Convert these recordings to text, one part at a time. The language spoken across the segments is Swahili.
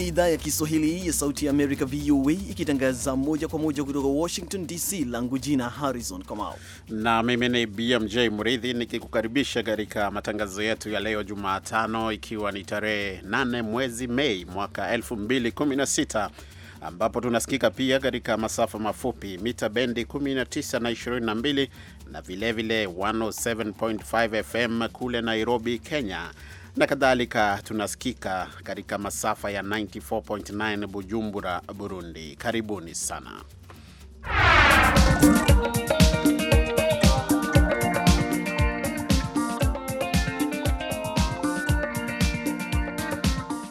ni idhaa ya Kiswahili ya Sauti ya Amerika, VOA, ikitangaza moja kwa moja kutoka Washington DC. Langu jina Harrison Kamau na mimi ni BMJ Mridhi nikikukaribisha katika matangazo yetu ya leo Jumatano, ikiwa ni tarehe 8 mwezi Mei mwaka 2016 ambapo tunasikika pia katika masafa mafupi mita bendi 19 na 22 na vilevile 107.5 FM kule Nairobi, Kenya na kadhalika. Tunasikika katika masafa ya 94.9 Bujumbura, Burundi. Karibuni sana.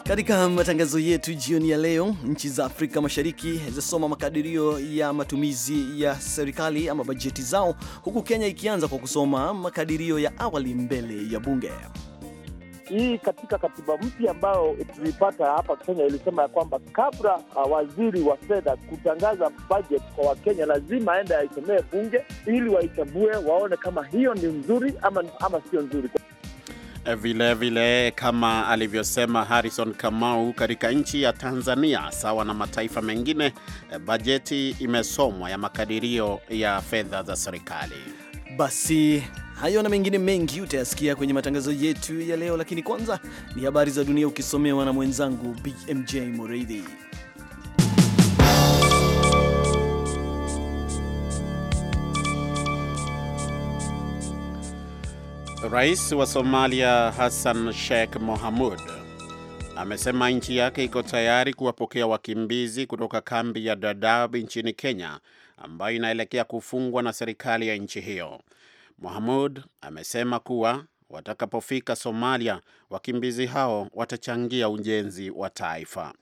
Katika matangazo yetu jioni ya leo, nchi za Afrika Mashariki zasoma makadirio ya matumizi ya serikali ama bajeti zao, huku Kenya ikianza kwa kusoma makadirio ya awali mbele ya bunge hii katika katiba mpya ambayo tulipata hapa Kenya ilisema ya kwamba kabla waziri wa fedha kutangaza budget kwa Wakenya lazima aende aisomee bunge ili waichambue, waone kama hiyo ni nzuri ama, ama sio nzuri. Vilevile eh, vile, kama alivyosema Harrison Kamau, katika nchi ya Tanzania sawa na mataifa mengine, eh, bajeti imesomwa ya makadirio ya fedha za serikali basi Hayo na mengine mengi utayasikia kwenye matangazo yetu ya leo, lakini kwanza ni habari za dunia ukisomewa na mwenzangu BMJ Moreidhi. Rais wa Somalia Hassan Sheikh Mohamud amesema nchi yake iko tayari kuwapokea wakimbizi kutoka kambi ya Dadaab nchini Kenya ambayo inaelekea kufungwa na serikali ya nchi hiyo. Mahmud amesema kuwa watakapofika Somalia, wakimbizi hao watachangia ujenzi wa taifa.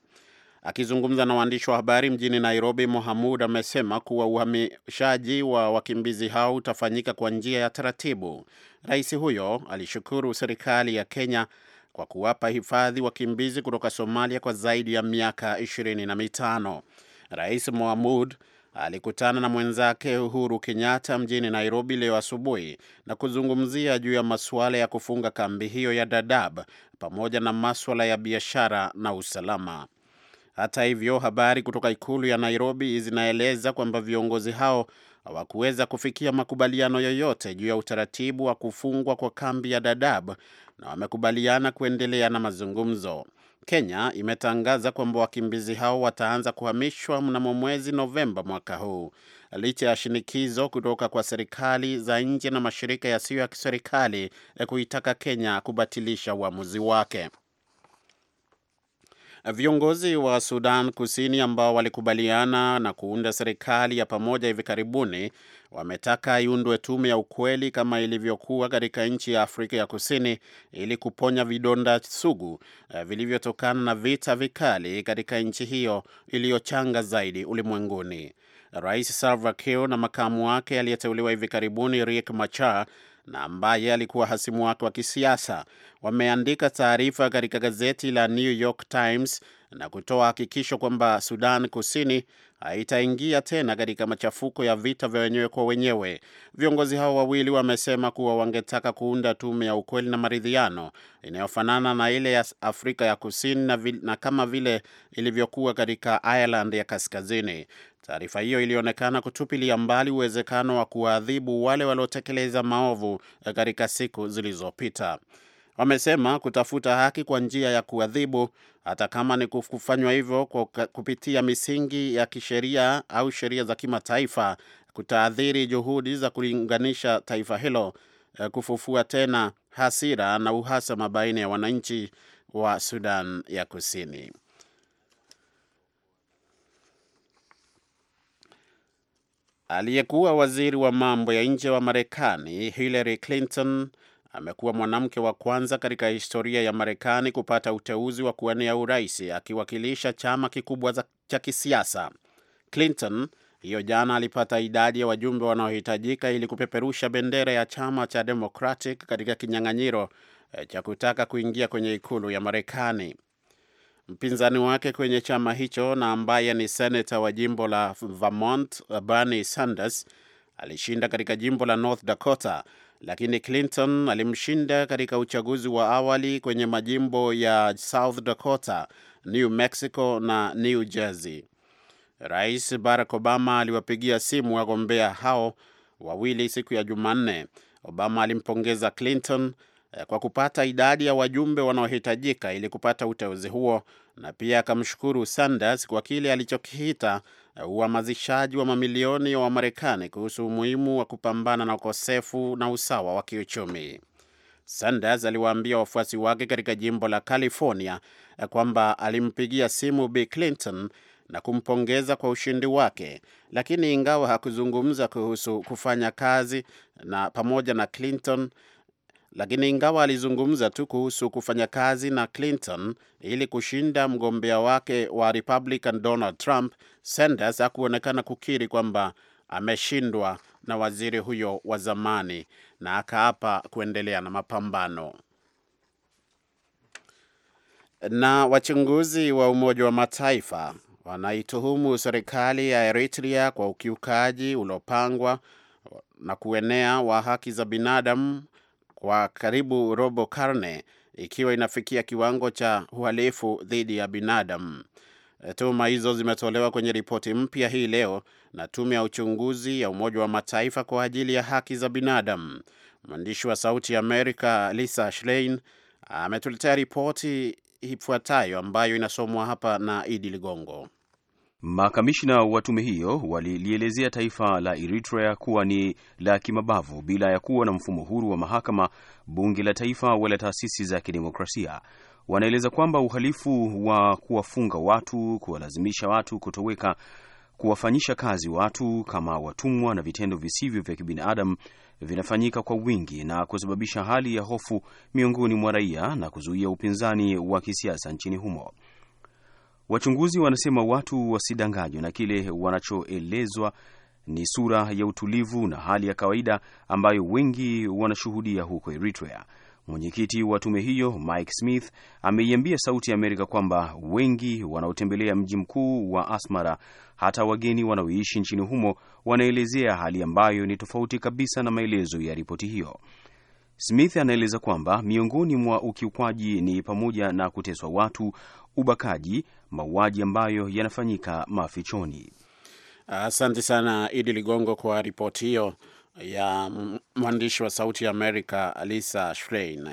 Akizungumza na waandishi wa habari mjini Nairobi, Mohamud amesema kuwa uhamishaji wa wakimbizi hao utafanyika kwa njia ya taratibu. Rais huyo alishukuru serikali ya Kenya kwa kuwapa hifadhi wakimbizi kutoka Somalia kwa zaidi ya miaka ishirini na mitano. Rais Mohamud alikutana na mwenzake Uhuru Kenyatta mjini Nairobi leo asubuhi na kuzungumzia juu ya masuala ya kufunga kambi hiyo ya Dadaab pamoja na maswala ya biashara na usalama. Hata hivyo, habari kutoka ikulu ya Nairobi zinaeleza kwamba viongozi hao hawakuweza kufikia makubaliano yoyote juu ya utaratibu wa kufungwa kwa kambi ya Dadaab na wamekubaliana kuendelea na mazungumzo. Kenya imetangaza kwamba wakimbizi hao wataanza kuhamishwa mnamo mwezi Novemba mwaka huu licha ya shinikizo kutoka kwa serikali za nje na mashirika yasiyo ya kiserikali eh, kuitaka Kenya kubatilisha uamuzi wake. Viongozi wa Sudan Kusini ambao walikubaliana na kuunda serikali ya pamoja hivi karibuni wametaka iundwe tume ya ukweli kama ilivyokuwa katika nchi ya Afrika ya Kusini ili kuponya vidonda sugu eh, vilivyotokana na vita vikali katika nchi hiyo iliyochanga zaidi ulimwenguni. Rais Salva Kiir na makamu wake aliyeteuliwa hivi karibuni Riek Machar na ambaye alikuwa hasimu wake wa kisiasa, wameandika taarifa katika gazeti la New York Times na kutoa hakikisho kwamba Sudan Kusini haitaingia tena katika machafuko ya vita vya wenyewe kwa wenyewe. Viongozi hao wawili wamesema kuwa wangetaka kuunda tume ya ukweli na maridhiano inayofanana na ile ya Afrika ya Kusini na, na kama vile ilivyokuwa katika Ireland ya Kaskazini. Taarifa hiyo ilionekana kutupilia mbali uwezekano wa kuwaadhibu wale waliotekeleza maovu eh, katika siku zilizopita. Wamesema kutafuta haki kwa njia ya kuadhibu, hata kama ni kufanywa hivyo kwa kupitia misingi ya kisheria au sheria za kimataifa, kutaathiri juhudi za kulinganisha taifa hilo, eh, kufufua tena hasira na uhasama baina ya wananchi wa Sudan ya Kusini. Aliyekuwa waziri wa mambo ya nje wa Marekani Hillary Clinton amekuwa mwanamke wa kwanza katika historia ya Marekani kupata uteuzi wa kuwania urais akiwakilisha chama kikubwa cha kisiasa. Clinton hiyo jana alipata idadi ya wajumbe wanaohitajika ili kupeperusha bendera ya chama cha Democratic katika kinyang'anyiro eh, cha kutaka kuingia kwenye ikulu ya Marekani. Mpinzani wake kwenye chama hicho na ambaye ni seneta wa jimbo la Vermont, Bernie Sanders alishinda katika jimbo la North Dakota, lakini Clinton alimshinda katika uchaguzi wa awali kwenye majimbo ya South Dakota, New Mexico na New Jersey. Rais Barack Obama aliwapigia simu wagombea hao wawili siku ya Jumanne. Obama alimpongeza Clinton Eh, kwa kupata idadi ya wajumbe wanaohitajika ili kupata uteuzi huo, na pia akamshukuru Sanders kwa kile alichokiita eh, uhamasishaji wa mamilioni ya Wamarekani kuhusu umuhimu wa kupambana na ukosefu na usawa wa kiuchumi. Sanders aliwaambia wafuasi wake katika jimbo la California eh, kwamba alimpigia simu Bi Clinton na kumpongeza kwa ushindi wake, lakini ingawa hakuzungumza kuhusu kufanya kazi na pamoja na Clinton lakini ingawa alizungumza tu kuhusu kufanya kazi na Clinton ili kushinda mgombea wake wa Republican Donald Trump, Sanders hakuonekana kukiri kwamba ameshindwa na waziri huyo wa zamani na akaapa kuendelea na mapambano. Na wachunguzi wa Umoja wa Mataifa wanaituhumu serikali ya Eritrea kwa ukiukaji uliopangwa na kuenea wa haki za binadamu kwa karibu robo karne ikiwa inafikia kiwango cha uhalifu dhidi ya binadamu. E, tuhuma hizo zimetolewa kwenye ripoti mpya hii leo na tume ya uchunguzi ya Umoja wa Mataifa kwa ajili ya haki za binadamu. Mwandishi wa Sauti ya Amerika Lisa Schlein ametuletea ripoti ifuatayo ambayo inasomwa hapa na Idi Ligongo. Makamishna wa tume hiyo walilielezea taifa la Eritrea kuwa ni la kimabavu bila ya kuwa na mfumo huru wa mahakama, bunge la taifa wala taasisi za kidemokrasia. Wanaeleza kwamba uhalifu wa kuwafunga watu, kuwalazimisha watu kutoweka, kuwafanyisha kazi watu kama watumwa na vitendo visivyo vya kibinadamu vinafanyika kwa wingi na kusababisha hali ya hofu miongoni mwa raia na kuzuia upinzani wa kisiasa nchini humo. Wachunguzi wanasema watu wasidanganywe na kile wanachoelezwa ni sura ya utulivu na hali ya kawaida ambayo wengi wanashuhudia huko Eritrea. Mwenyekiti wa tume hiyo Mike Smith ameiambia Sauti ya Amerika kwamba wengi wanaotembelea mji mkuu wa Asmara, hata wageni wanaoishi nchini humo, wanaelezea hali ambayo ni tofauti kabisa na maelezo ya ripoti hiyo. Smith anaeleza kwamba miongoni mwa ukiukwaji ni pamoja na kuteswa watu, ubakaji, mauaji ambayo yanafanyika mafichoni. Asante sana Idi Ligongo kwa ripoti hiyo ya mwandishi wa Sauti ya Amerika Lisa Schlein.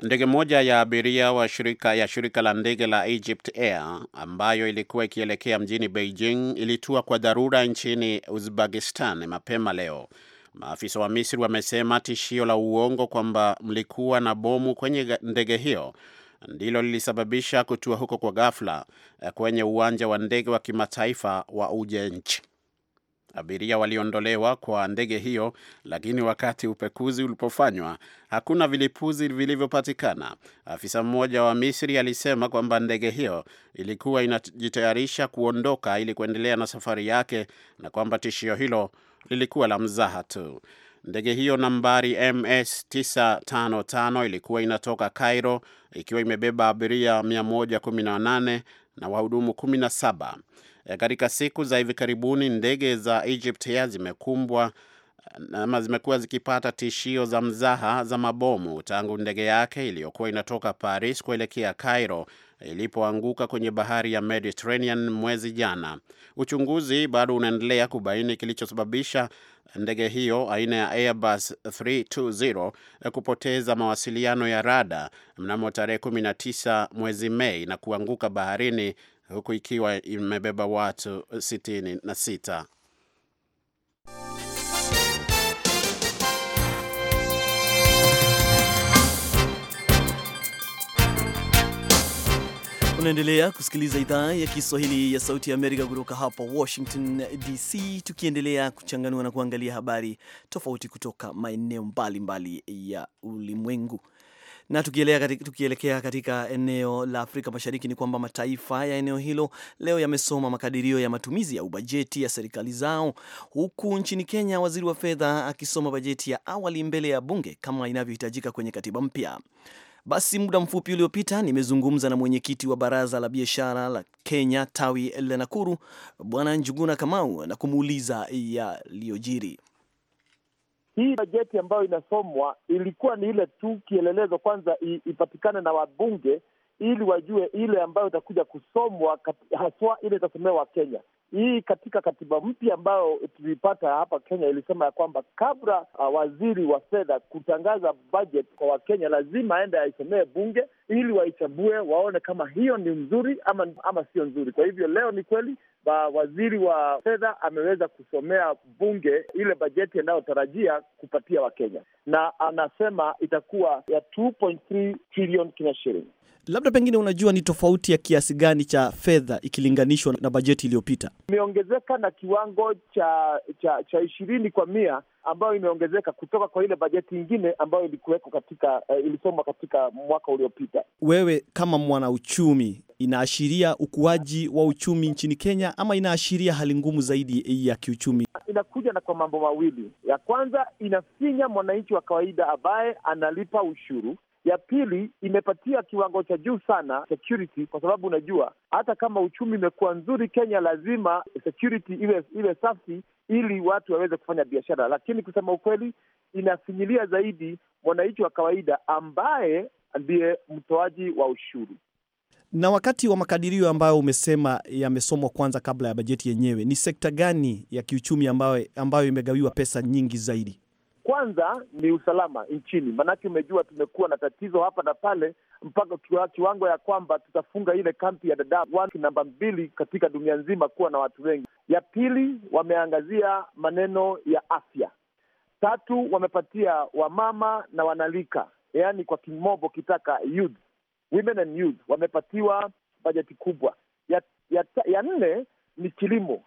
Ndege moja ya abiria wa shirika, ya shirika la ndege la Egypt Air ambayo ilikuwa ikielekea mjini Beijing ilitua kwa dharura nchini Uzbekistan mapema leo. Maafisa wa Misri wamesema tishio la uongo kwamba mlikuwa na bomu kwenye ndege hiyo ndilo lilisababisha kutua huko kwa ghafla eh, kwenye uwanja wa ndege wa kimataifa wa Ujenj. Abiria waliondolewa kwa ndege hiyo, lakini wakati upekuzi ulipofanywa hakuna vilipuzi vilivyopatikana. Afisa mmoja wa Misri alisema kwamba ndege hiyo ilikuwa inajitayarisha kuondoka ili kuendelea na safari yake na kwamba tishio hilo lilikuwa la mzaha tu. Ndege hiyo nambari MS955 ilikuwa inatoka Cairo ikiwa imebeba abiria 118 na wahudumu 17. E, katika siku za hivi karibuni ndege za Egypt Air zimekumbwa ama zimekuwa zikipata tishio za mzaha za mabomu tangu ndege yake iliyokuwa inatoka Paris kuelekea Cairo ilipoanguka kwenye bahari ya Mediterranean mwezi jana. Uchunguzi bado unaendelea kubaini kilichosababisha ndege hiyo aina ya Airbus 320 kupoteza mawasiliano ya rada mnamo tarehe 19 mwezi Mei na kuanguka baharini huku ikiwa imebeba watu 66. Unaendelea kusikiliza idhaa ya Kiswahili ya Sauti ya Amerika kutoka hapa Washington DC, tukiendelea kuchanganua na kuangalia habari tofauti kutoka maeneo mbalimbali ya ulimwengu na tukielekea katika eneo la Afrika Mashariki ni kwamba mataifa ya eneo hilo leo yamesoma makadirio ya matumizi ya ubajeti ya serikali zao, huku nchini Kenya waziri wa fedha akisoma bajeti ya awali mbele ya bunge kama inavyohitajika kwenye katiba mpya. Basi muda mfupi uliopita nimezungumza na mwenyekiti wa baraza la biashara la Kenya tawi la Nakuru, Bwana Njuguna Kamau, na kumuuliza yaliyojiri. Hii bajeti ambayo inasomwa ilikuwa ni ile tu kielelezo, kwanza ipatikane na wabunge ili wajue ile ambayo itakuja kusomwa haswa ile itasomewa kenya Hii katika katiba mpya ambayo tulipata hapa Kenya ilisema ya kwamba kabla uh, waziri wa fedha kutangaza bet kwa Wakenya lazima aende aisomee bunge ili waichambue waone kama hiyo ni mzuri ama, ama sio nzuri. Kwa hivyo leo ni kweli ba waziri wa fedha ameweza kusomea bunge ile bajeti anayotarajia kupatia Wakenya na anasema itakuwa ya 2.3 trillion Kenya shilling. Labda pengine, unajua ni tofauti ya kiasi gani cha fedha ikilinganishwa na bajeti iliyopita? Imeongezeka na kiwango cha cha cha ishirini kwa mia ambayo imeongezeka kutoka kwa ile bajeti ingine ambayo ilikuwekwa katika uh, ilisomwa katika mwaka uliopita. Wewe kama mwanauchumi, inaashiria ukuaji wa uchumi nchini Kenya ama inaashiria hali ngumu zaidi ya kiuchumi? Inakuja na kwa mambo mawili. Ya kwanza, inafinya mwananchi wa kawaida ambaye analipa ushuru ya pili, imepatia kiwango cha juu sana security, kwa sababu unajua hata kama uchumi imekuwa nzuri Kenya, lazima security iwe iwe safi ili watu waweze kufanya biashara. Lakini kusema ukweli, inafinyilia zaidi mwananchi wa kawaida ambaye ndiye mtoaji wa ushuru na wakati wa makadirio ambayo umesema yamesomwa kwanza kabla ya bajeti yenyewe, ni sekta gani ya kiuchumi ambayo, ambayo imegawiwa pesa nyingi zaidi? Kwanza ni usalama nchini, maanake umejua tumekuwa na tatizo hapa na pale, mpaka kiwango ya kwamba tutafunga ile kampi ya Dadaab namba mbili katika dunia nzima kuwa na watu wengi. Ya pili, wameangazia maneno ya afya. Tatu, wamepatia wamama na wanalika, yaani kwa kimombo kitaka youth, women and youth, wamepatiwa bajeti kubwa. Ya, ya, ya nne ni kilimo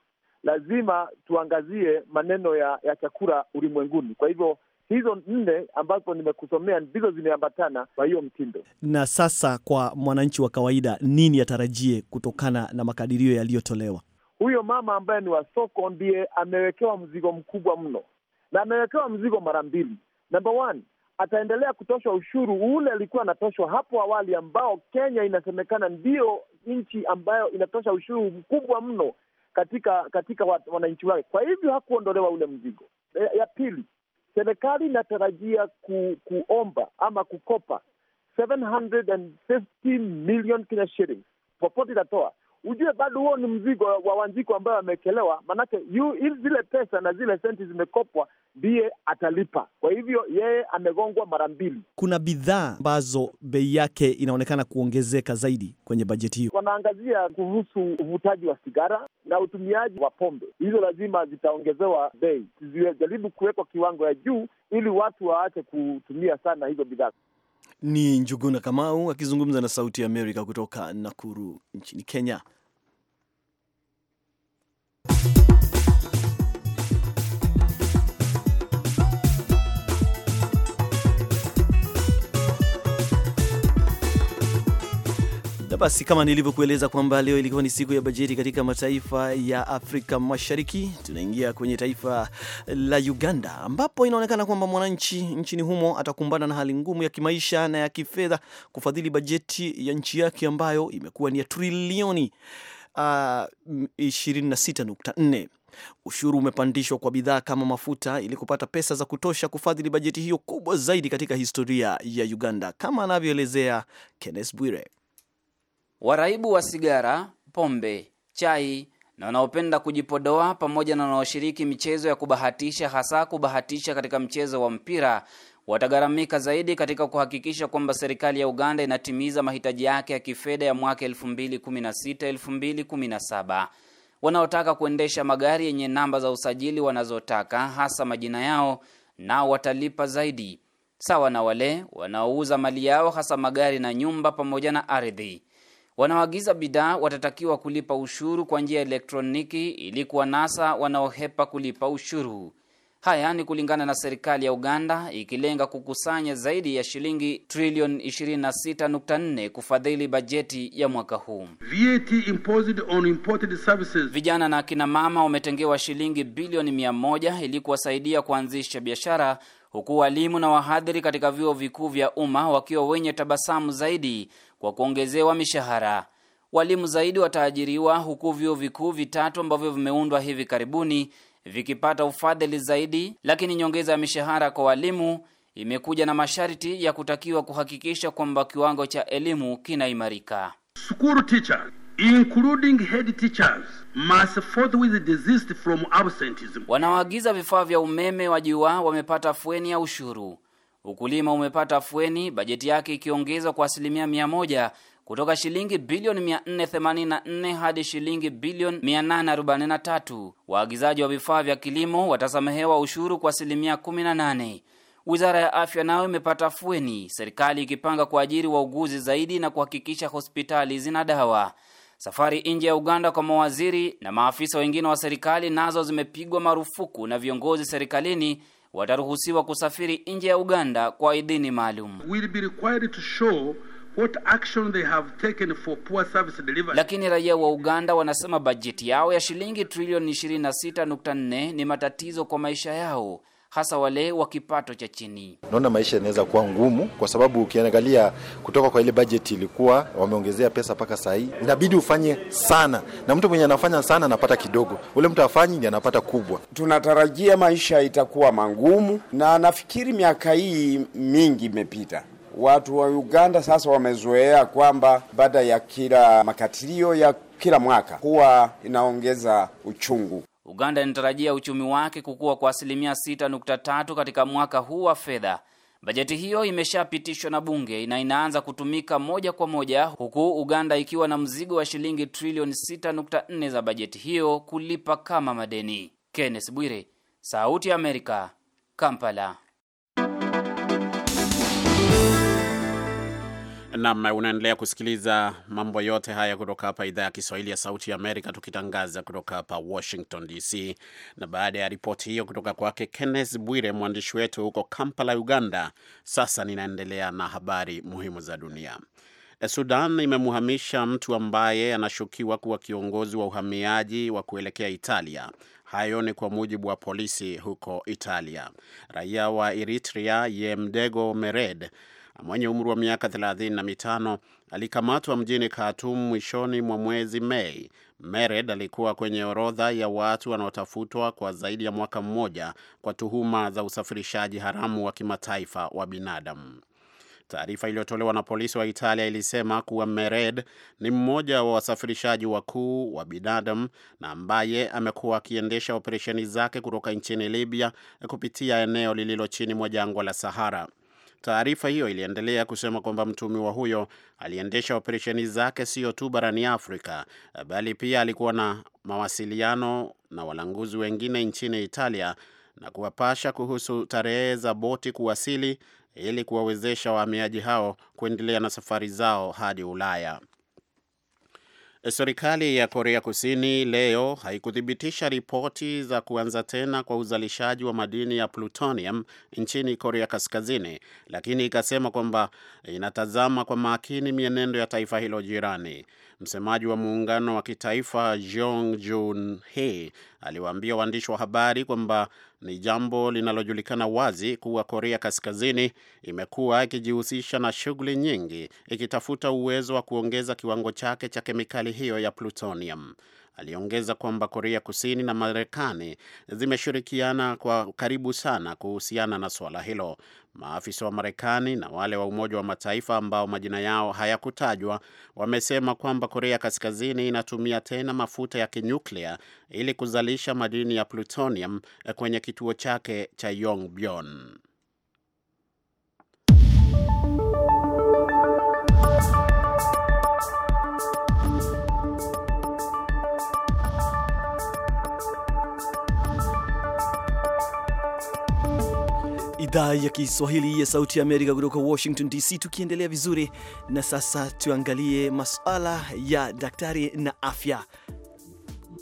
lazima tuangazie maneno ya, ya chakula ulimwenguni. Kwa hivyo hizo nne ambazo nimekusomea ndizo zimeambatana kwa hiyo mtindo. Na sasa, kwa mwananchi wa kawaida, nini atarajie kutokana na makadirio yaliyotolewa? Huyo mama ambaye ni wa soko ndiye amewekewa mzigo mkubwa mno, na amewekewa mzigo mara mbili. Namba one, ataendelea kutoshwa ushuru ule alikuwa anatoshwa hapo awali, ambao Kenya inasemekana ndiyo nchi ambayo inatosha ushuru mkubwa mno katika katika wananchi wake. Kwa hivyo hakuondolewa ule mzigo. E, ya pili, serikali inatarajia ku, kuomba ama kukopa 750 million Kenya shillings popote itatoa ujue bado huo ni mzigo wa Wanjiku ambayo amewekelewa, maanake zile pesa na zile senti zimekopwa ndiye atalipa. Kwa hivyo yeye amegongwa mara mbili. Kuna bidhaa ambazo bei yake inaonekana kuongezeka zaidi kwenye bajeti hiyo. Wanaangazia kuhusu uvutaji wa sigara na utumiaji wa pombe, hizo lazima zitaongezewa bei, zijaribu kuwekwa kiwango ya juu ili watu waache kutumia sana hizo bidhaa. Ni Njuguna Kamau akizungumza na Sauti ya Amerika kutoka Nakuru nchini Kenya. Basi kama nilivyokueleza kwamba leo ilikuwa ni siku ya bajeti katika mataifa ya Afrika Mashariki, tunaingia kwenye taifa la Uganda ambapo inaonekana kwamba mwananchi nchini humo atakumbana na hali ngumu ya kimaisha na ya kifedha kufadhili bajeti ya nchi yake ambayo imekuwa ni ya trilioni uh, ah, 26.4. Ushuru umepandishwa kwa bidhaa kama mafuta ili kupata pesa za kutosha kufadhili bajeti hiyo kubwa zaidi katika historia ya Uganda, kama anavyoelezea Kenneth Bwire waraibu wa sigara, pombe, chai na wanaopenda kujipodoa pamoja na wanaoshiriki michezo ya kubahatisha hasa kubahatisha katika mchezo wa mpira watagharamika zaidi katika kuhakikisha kwamba serikali ya Uganda inatimiza mahitaji yake ya kifedha ya mwaka 2016 2017. Wanaotaka kuendesha magari yenye namba za usajili wanazotaka hasa majina yao, nao watalipa zaidi, sawa na wale wanaouza mali yao hasa magari na nyumba pamoja na ardhi wanaoagiza bidhaa watatakiwa kulipa ushuru kwa njia ya elektroniki ili kuwanasa wanaohepa kulipa ushuru. Haya ni kulingana na serikali ya Uganda ikilenga kukusanya zaidi ya shilingi trilioni 26.4 kufadhili bajeti ya mwaka huu. VAT imposed on imported services. Vijana na akina mama wametengewa shilingi bilioni 100 ili kuwasaidia kuanzisha biashara, huku walimu na wahadhiri katika vyuo vikuu vya umma wakiwa wenye tabasamu zaidi kwa kuongezewa mishahara. Walimu zaidi wataajiriwa, huku vyuo vikuu vitatu ambavyo vimeundwa hivi karibuni vikipata ufadhili zaidi, lakini nyongeza ya mishahara kwa walimu imekuja na masharti ya kutakiwa kuhakikisha kwamba kiwango cha elimu kinaimarika. School teachers including head teachers must forthwith desist from absenteeism. Wanaoagiza vifaa vya umeme wajiwa wamepata fueni ya ushuru. Ukulima umepata afueni, bajeti yake ikiongezwa kwa asilimia mia moja kutoka shilingi bilioni 484 hadi shilingi bilioni 843. Waagizaji wa vifaa vya kilimo watasamehewa ushuru kwa asilimia 18. Wizara ya afya nayo imepata afueni, serikali ikipanga kuajiri wauguzi zaidi na kuhakikisha hospitali zina dawa. Safari nje ya Uganda kwa mawaziri na maafisa wengine wa serikali nazo zimepigwa marufuku na viongozi serikalini wataruhusiwa kusafiri nje ya Uganda kwa idhini maalum. Lakini raia wa Uganda wanasema bajeti yao ya shilingi trilioni 26.4 ni matatizo kwa maisha yao hasa wale wa kipato cha chini. Naona maisha yanaweza kuwa ngumu, kwa sababu ukiangalia kutoka kwa ile bajeti ilikuwa wameongezea pesa mpaka saa hii, inabidi ufanye sana, na mtu mwenye anafanya sana anapata kidogo, ule mtu afanyi ndiye anapata kubwa. Tunatarajia maisha itakuwa mangumu, na nafikiri miaka hii mingi imepita watu wa Uganda sasa wamezoea kwamba baada ya kila makatilio ya kila mwaka huwa inaongeza uchungu. Uganda inatarajia uchumi wake kukua kwa asilimia 6.3 katika mwaka huu wa fedha. Bajeti hiyo imeshapitishwa na bunge na inaanza kutumika moja kwa moja, huku Uganda ikiwa na mzigo wa shilingi trilioni 6.4 za bajeti hiyo kulipa kama madeni. Kenneth Bwire, Sauti ya Amerika, Kampala. nam unaendelea kusikiliza mambo yote haya kutoka hapa idhaa ya Kiswahili ya Sauti ya Amerika, tukitangaza kutoka hapa Washington DC. Na baada ya ripoti hiyo kutoka kwake Kenneth Bwire, mwandishi wetu huko Kampala, Uganda, sasa ninaendelea na habari muhimu za dunia. Sudan imemhamisha mtu ambaye anashukiwa kuwa kiongozi wa uhamiaji wa kuelekea Italia. Hayo ni kwa mujibu wa polisi huko Italia. Raia wa Eritrea Yemdego Mered mwenye umri wa miaka 35 alikamatwa mjini Khartoum mwishoni mwa mwezi Mei. Mered alikuwa kwenye orodha ya watu wanaotafutwa kwa zaidi ya mwaka mmoja kwa tuhuma za usafirishaji haramu wa kimataifa wa binadamu. Taarifa iliyotolewa na polisi wa Italia ilisema kuwa Mered ni mmoja wa wasafirishaji wakuu wa binadamu na ambaye amekuwa akiendesha operesheni zake kutoka nchini Libya kupitia eneo lililo chini mwa jangwa la Sahara. Taarifa hiyo iliendelea kusema kwamba mtumiwa huyo aliendesha operesheni zake sio tu barani Afrika, bali pia alikuwa na mawasiliano na walanguzi wengine nchini Italia na kuwapasha kuhusu tarehe za boti kuwasili ili kuwawezesha wahamiaji hao kuendelea na safari zao hadi Ulaya. Serikali ya Korea Kusini leo haikuthibitisha ripoti za kuanza tena kwa uzalishaji wa madini ya plutonium nchini Korea Kaskazini, lakini ikasema kwamba inatazama kwa makini mienendo ya taifa hilo jirani. Msemaji wa muungano wa kitaifa Jong Jun Hee aliwaambia waandishi wa habari kwamba ni jambo linalojulikana wazi kuwa Korea Kaskazini imekuwa ikijihusisha na shughuli nyingi ikitafuta uwezo wa kuongeza kiwango chake cha kemikali hiyo ya plutonium. Aliongeza kwamba Korea Kusini na Marekani zimeshirikiana kwa karibu sana kuhusiana na suala hilo. Maafisa wa Marekani na wale wa Umoja wa Mataifa ambao majina yao hayakutajwa wamesema kwamba Korea Kaskazini inatumia tena mafuta ya kinyuklia ili kuzalisha madini ya plutonium kwenye kituo chake cha Yongbyon. idhaa ya Kiswahili ya Sauti ya Amerika kutoka Washington DC, tukiendelea vizuri na sasa tuangalie masuala ya daktari na afya.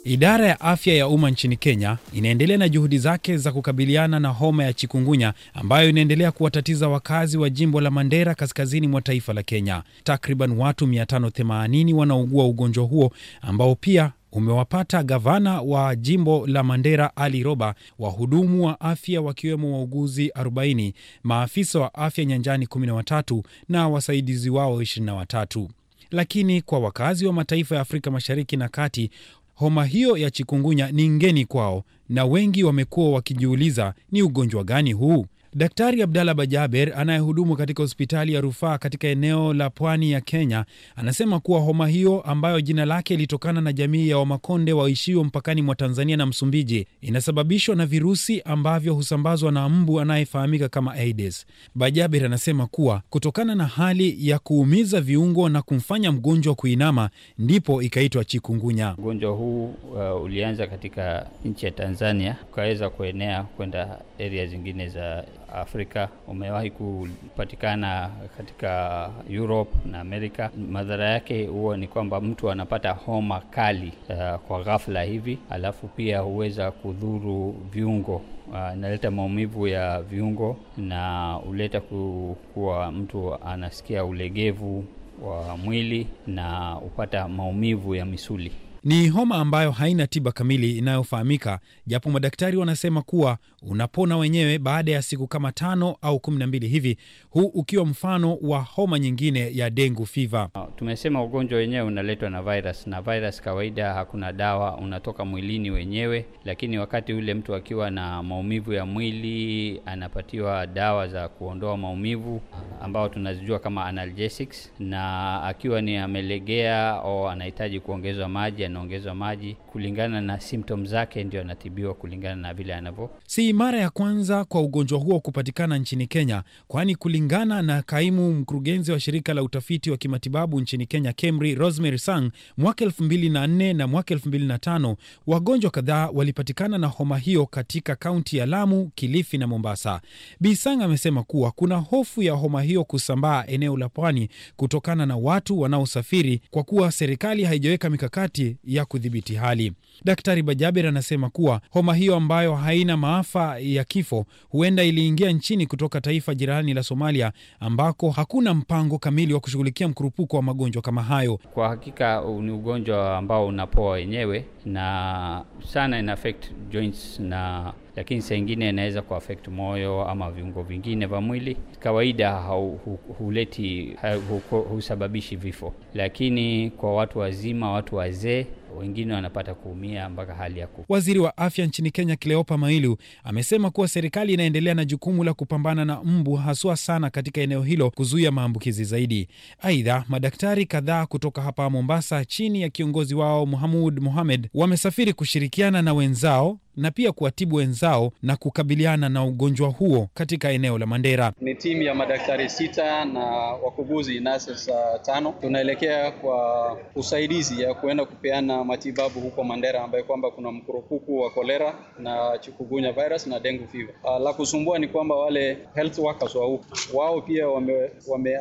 Idara ya afya ya umma nchini Kenya inaendelea na juhudi zake za kukabiliana na homa ya chikungunya ambayo inaendelea kuwatatiza wakazi wa jimbo la Mandera kaskazini mwa taifa la Kenya. Takriban watu 580 wanaougua ugonjwa huo ambao pia umewapata gavana wa jimbo la Mandera Ali Roba, wahudumu wa afya wakiwemo wauguzi 40, maafisa wa afya nyanjani 13 na wasaidizi wao 23. Lakini kwa wakazi wa mataifa ya Afrika Mashariki na Kati, homa hiyo ya chikungunya ni ngeni kwao, na wengi wamekuwa wakijiuliza ni ugonjwa gani huu? Daktari Abdalla Bajaber anayehudumu katika hospitali ya rufaa katika eneo la pwani ya Kenya anasema kuwa homa hiyo ambayo jina lake ilitokana na jamii ya Wamakonde waishio mpakani mwa Tanzania na Msumbiji inasababishwa na virusi ambavyo husambazwa na mbu anayefahamika kama Aedes. Bajaber anasema kuwa kutokana na hali ya kuumiza viungo na kumfanya mgonjwa kuinama ndipo ikaitwa chikungunya. Ugonjwa huu uh, ulianza katika nchi ya Tanzania ukaweza kuenea kwenda eria zingine za Afrika umewahi kupatikana katika Europe na Amerika. Madhara yake huwa ni kwamba mtu anapata homa kali uh, kwa ghafla hivi, alafu pia huweza kudhuru viungo uh, inaleta uh, maumivu ya viungo na huleta kuwa mtu anasikia ulegevu wa mwili na hupata maumivu ya misuli. Ni homa ambayo haina tiba kamili inayofahamika, japo madaktari wanasema kuwa unapona wenyewe baada ya siku kama tano au kumi na mbili hivi, huu ukiwa mfano wa homa nyingine ya dengu fiva Tumesema ugonjwa wenyewe unaletwa na virus, na virus kawaida hakuna dawa, unatoka mwilini wenyewe, lakini wakati ule mtu akiwa na maumivu ya mwili anapatiwa dawa za kuondoa maumivu ambao tunazijua kama analgesics, na akiwa ni amelegea au anahitaji kuongezwa maji anaongezwa maji kulingana na symptom zake, ndio anatibiwa kulingana na vile anavyo. Si mara ya kwanza kwa ugonjwa huo kupatikana nchini Kenya, kwani kulingana na kaimu mkurugenzi wa shirika la utafiti wa kimatibabu nchini Kenya KEMRI, Rosemary Sang, mwaka mbili na mwaka tano wagonjwa kadhaa walipatikana na homa hiyo katika kaunti ya Lamu, Kilifi na Mombasa. Bisang amesema kuwa kuna hofu ya homa hiyo kusambaa eneo la pwani kutokana na watu wanaosafiri kwa kuwa serikali haijaweka mikakati ya kudhibiti hali. Daktari Bajaber anasema kuwa homa hiyo ambayo haina maafa ya kifo huenda iliingia nchini kutoka taifa jirani la Somalia ambako hakuna mpango kamili wa kushughulikia mkurupuko wa magonjwa kama hayo. Kwa hakika ni ugonjwa ambao unapoa wenyewe na sana ina affect joints na lakini saa ingine inaweza kuaffect moyo ama viungo vingine vya mwili. Kawaida huleti hu, hu, husababishi vifo, lakini kwa watu wazima, watu wazee wengine wanapata kuumia mpaka hali ya kufa. Waziri wa afya nchini Kenya kleopa Mailu amesema kuwa serikali inaendelea na jukumu la kupambana na mbu haswa sana katika eneo hilo kuzuia maambukizi zaidi. Aidha, madaktari kadhaa kutoka hapa Mombasa chini ya kiongozi wao Muhamud Mohamed wamesafiri kushirikiana na wenzao na pia kuwatibu wenzao na kukabiliana na ugonjwa huo katika eneo la Mandera. Ni timu ya madaktari sita na wakuguzi nurses uh, tano. Tunaelekea kwa usaidizi ya kuenda kupeana matibabu huko Mandera, ambayo kwamba kuna mkurupuku wa kolera na chikungunya virus na dengu fever. Uh, la kusumbua ni kwamba wale health workers wa huko wao pia wamekuwa wame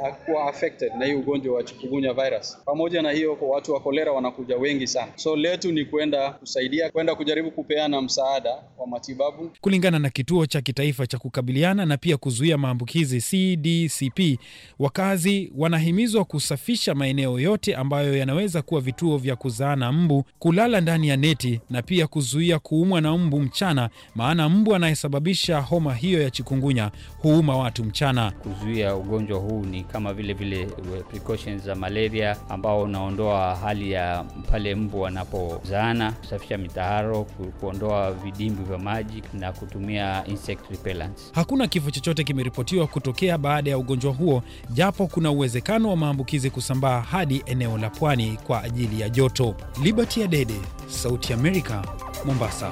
affected na hii ugonjwa wa chikungunya virus. Pamoja na hiyo, kwa watu wa kolera wanakuja wengi sana, so letu ni kuenda kusaidia, kuenda kujaribu kupeana msaada msaada wa matibabu. Kulingana na kituo cha kitaifa cha kukabiliana na pia kuzuia maambukizi CDCP, wakazi wanahimizwa kusafisha maeneo yote ambayo yanaweza kuwa vituo vya kuzaana mbu, kulala ndani ya neti na pia kuzuia kuumwa na mbu mchana, maana mbu anayesababisha homa hiyo ya chikungunya huuma watu mchana. Kuzuia ugonjwa huu ni kama vile vile eh, precautions za malaria ambao unaondoa hali ya pale mbu wanapozaana, kusafisha mitaharo, kuondoa vidimbwi vya maji na kutumia insect repellents. Hakuna kifo chochote kimeripotiwa kutokea baada ya ugonjwa huo, japo kuna uwezekano wa maambukizi kusambaa hadi eneo la pwani kwa ajili ya joto. Liberty Adede, Sauti ya Mombasa.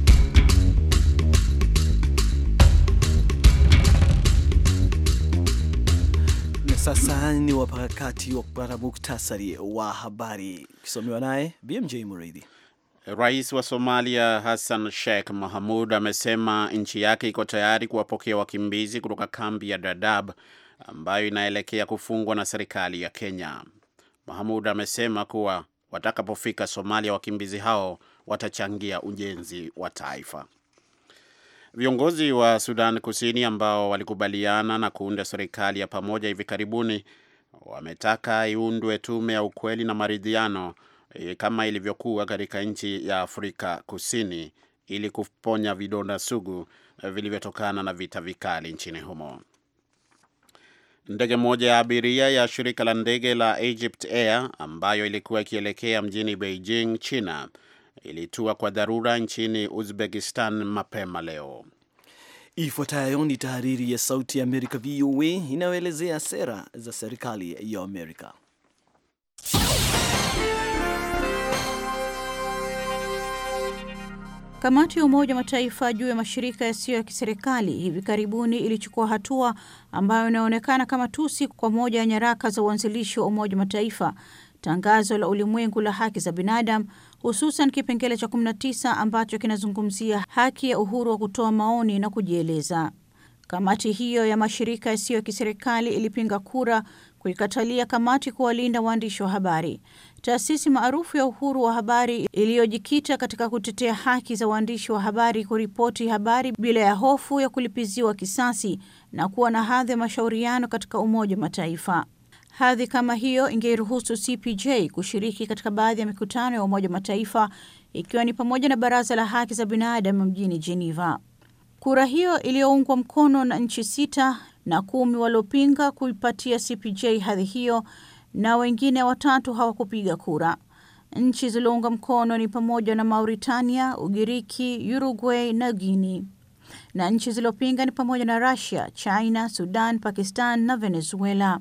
Sasa ni wapakakati wa kupata muktasari wa habari ukisomewa naye BMJ Muridhi. Rais wa Somalia Hassan Sheikh Mahamud amesema nchi yake iko tayari kuwapokea wakimbizi kutoka kambi ya Dadaab ambayo inaelekea kufungwa na serikali ya Kenya. Mahamud amesema kuwa watakapofika Somalia, wakimbizi hao watachangia ujenzi wa taifa. Viongozi wa Sudan Kusini ambao walikubaliana na kuunda serikali ya pamoja hivi karibuni wametaka iundwe tume ya ukweli na maridhiano e, kama ilivyokuwa katika nchi ya Afrika Kusini ili kuponya vidonda sugu e, vilivyotokana na vita vikali nchini humo. Ndege moja ya abiria ya shirika la ndege la Egypt Air ambayo ilikuwa ikielekea mjini Beijing, China ilitua kwa dharura nchini Uzbekistan mapema leo. Ifuatayo ni tahariri ya Sauti ya Amerika, VOA, inayoelezea sera za serikali ya Amerika. Kamati ya Umoja wa Mataifa juu ya mashirika yasiyo ya kiserikali hivi karibuni ilichukua hatua ambayo inaonekana kama tusi kwa moja ya nyaraka za uanzilishi wa Umoja wa Mataifa, tangazo la ulimwengu la haki za binadamu hususan kipengele cha 19 ambacho kinazungumzia haki ya uhuru wa kutoa maoni na kujieleza. Kamati hiyo ya mashirika yasiyo ya kiserikali ilipinga kura kuikatalia kamati kuwalinda waandishi wa habari, taasisi maarufu ya uhuru wa habari iliyojikita katika kutetea haki za waandishi wa habari kuripoti habari bila ya hofu ya kulipiziwa kisasi na kuwa na hadhi ya mashauriano katika Umoja wa Mataifa. Hadhi kama hiyo ingeiruhusu CPJ kushiriki katika baadhi ya mikutano ya Umoja wa Mataifa, ikiwa ni pamoja na Baraza la Haki za Binadamu mjini Geneva. Kura hiyo iliyoungwa mkono na nchi sita na kumi waliopinga kuipatia CPJ hadhi hiyo na wengine watatu hawakupiga kura. Nchi zilizounga mkono ni pamoja na Mauritania, Ugiriki, Uruguay na guini na nchi zilizopinga ni pamoja na rasia China, Sudan, Pakistan na Venezuela.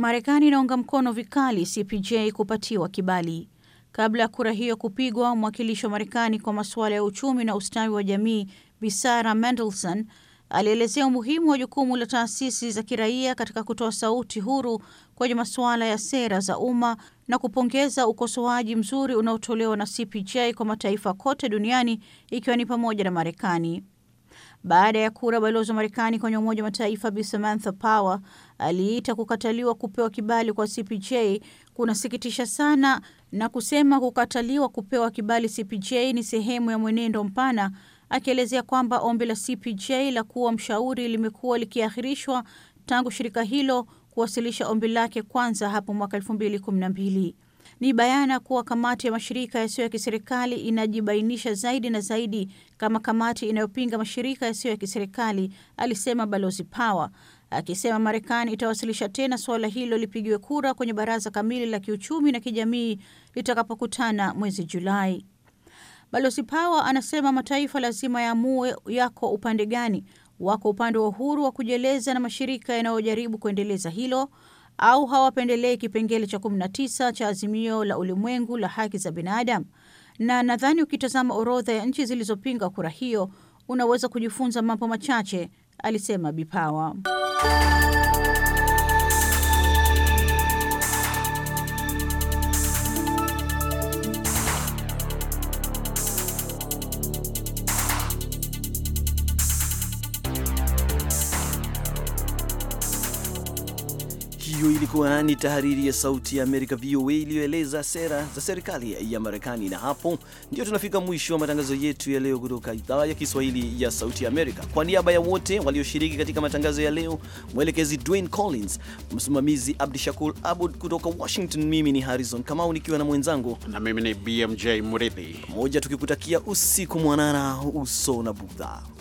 Marekani inaunga mkono vikali CPJ kupatiwa kibali. Kabla ya kura hiyo kupigwa, mwakilishi wa Marekani kwa masuala ya uchumi na ustawi wa jamii bisara Mendelson alielezea umuhimu wa jukumu la taasisi za kiraia katika kutoa sauti huru kwenye masuala ya sera za umma na kupongeza ukosoaji mzuri unaotolewa na CPJ kwa mataifa kote duniani ikiwa ni pamoja na Marekani. Baada ya kura, balozi wa Marekani kwenye Umoja wa Mataifa Bi Samantha Power aliita kukataliwa kupewa kibali kwa CPJ kunasikitisha sana na kusema kukataliwa kupewa kibali CPJ ni sehemu ya mwenendo mpana, akielezea kwamba ombi la CPJ la kuwa mshauri limekuwa likiahirishwa tangu shirika hilo kuwasilisha ombi lake kwanza hapo mwaka 2012. Ni bayana kuwa kamati ya mashirika yasiyo ya kiserikali inajibainisha zaidi na zaidi kama kamati inayopinga mashirika yasiyo ya kiserikali, alisema Balozi Power akisema Marekani itawasilisha tena suala hilo lipigiwe kura kwenye baraza kamili la kiuchumi na kijamii litakapokutana mwezi Julai. Balozi pawe anasema mataifa lazima yaamue yako upande gani, wako upande wa uhuru wa kujieleza na mashirika yanayojaribu kuendeleza hilo au hawapendelei kipengele cha 19 cha azimio la ulimwengu la haki za binadamu. Na nadhani ukitazama orodha ya nchi zilizopinga kura hiyo unaweza kujifunza mambo machache alisema Bipawa. ilikuwa ni tahariri ya Sauti ya Amerika, VOA, iliyoeleza sera za serikali ya Marekani. Na hapo ndio tunafika mwisho wa matangazo yetu ya leo kutoka idhaa ya Kiswahili ya Sauti ya Amerika. Kwa niaba ya wote walioshiriki katika matangazo ya leo, mwelekezi Dwayne Collins, msimamizi Abdi Shakur Abud kutoka Washington, mimi ni Harrison Kamau nikiwa na mwenzangu na mimi ni BMJ Muridhi, pamoja tukikutakia usiku mwanana, uso na budha.